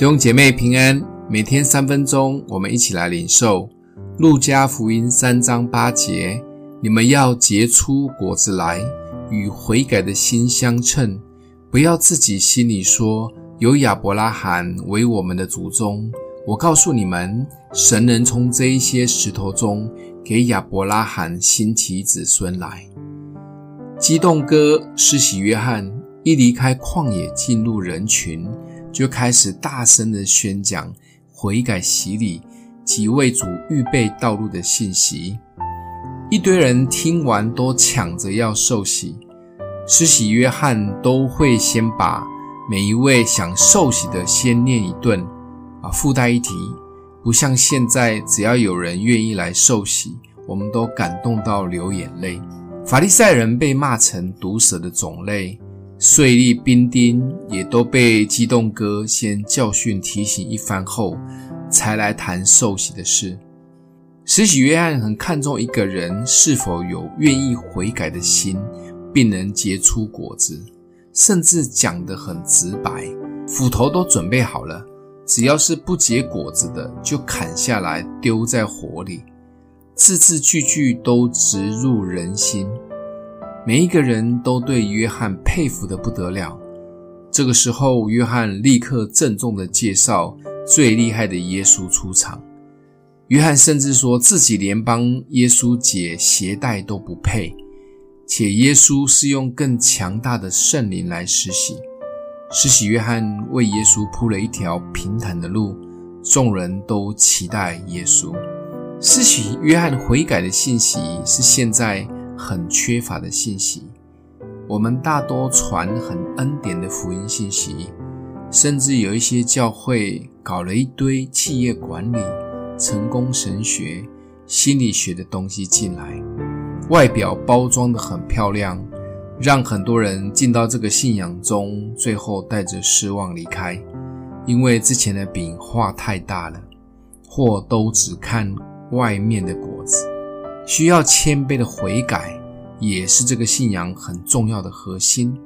弟兄姐妹平安，每天三分鐘，我們一起來領受《路加福音》三章八節。你們要結出果子來，與悔改的心相稱，不要自己心裡說：“有亞伯拉罕為我們的祖宗。”我告訴你們，神能從這一些石頭中，給亞伯拉罕興起子孫來。激動哥施洗約翰一離開曠野，進入人群。就開始大聲的宣講悔改、洗禮及為主預備道路的信息。一堆人聽完都搶着要受洗，施洗約翰都會先把每一位想受洗的先念一頓，啊，附帶一提，不像現在，只要有人願意來受洗，我們都感動到流眼淚。法利賽人被罵成毒蛇的種類。稅吏、兵丁也都被激動哥先教訓、提醒一番後，才來談受洗的事。施洗約翰很看重一個人是否有願意悔改的心，並能結出果子，甚至講得很直白：“斧頭都準備好了，只要是不結果子的，就砍下來丟在火裡。”字字句句都直入人心。每一個人都對約翰佩服的不得了。這個時候，約翰立刻鄭重的介紹最厲害的耶穌出場。約翰甚至說自己連幫耶穌解鞋帶都不配，且耶穌是用更強大的聖靈來施洗。施洗約翰為耶穌鋪了一條平坦的路，眾人都期待耶穌。施洗約翰悔改的信息是現在，很缺乏的信息，我們大多傳很恩典的福音信息，甚至有一些教會搞了一堆企業管理、成功神學、心理學的東西進來，外表包裝得很漂亮，讓很多人進到這個信仰中，最後帶着失望離開，因為之前的餅畫太大了，或都只看外面的果子。需要謙卑的悔改，也是這個信仰很重要的核心。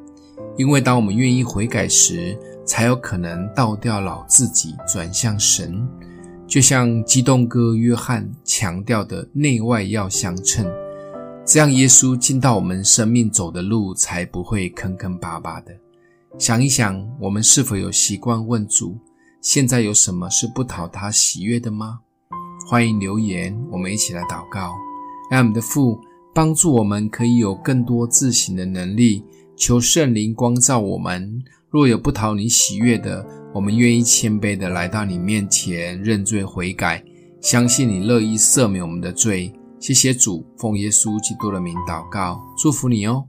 因為當我們願意悔改時，才有可能倒掉老自己，轉向神。就像激動哥約翰強調的，內外要相稱，這樣耶穌進到我們生命走的路才不會坑坑疤疤的。想一想，我們是否有習慣問主：現在有什麼是不討他喜悅的嗎？歡迎留言，我們一起來禱告。愛，我們的父，幫助我們，可以有更多自省的能力。求聖靈光照我們。若有不討你喜悅的，我們願意謙卑的來到你面前認罪悔改，相信你樂意赦免我們的罪。謝謝主，奉耶穌基督的名禱告，祝福你哦。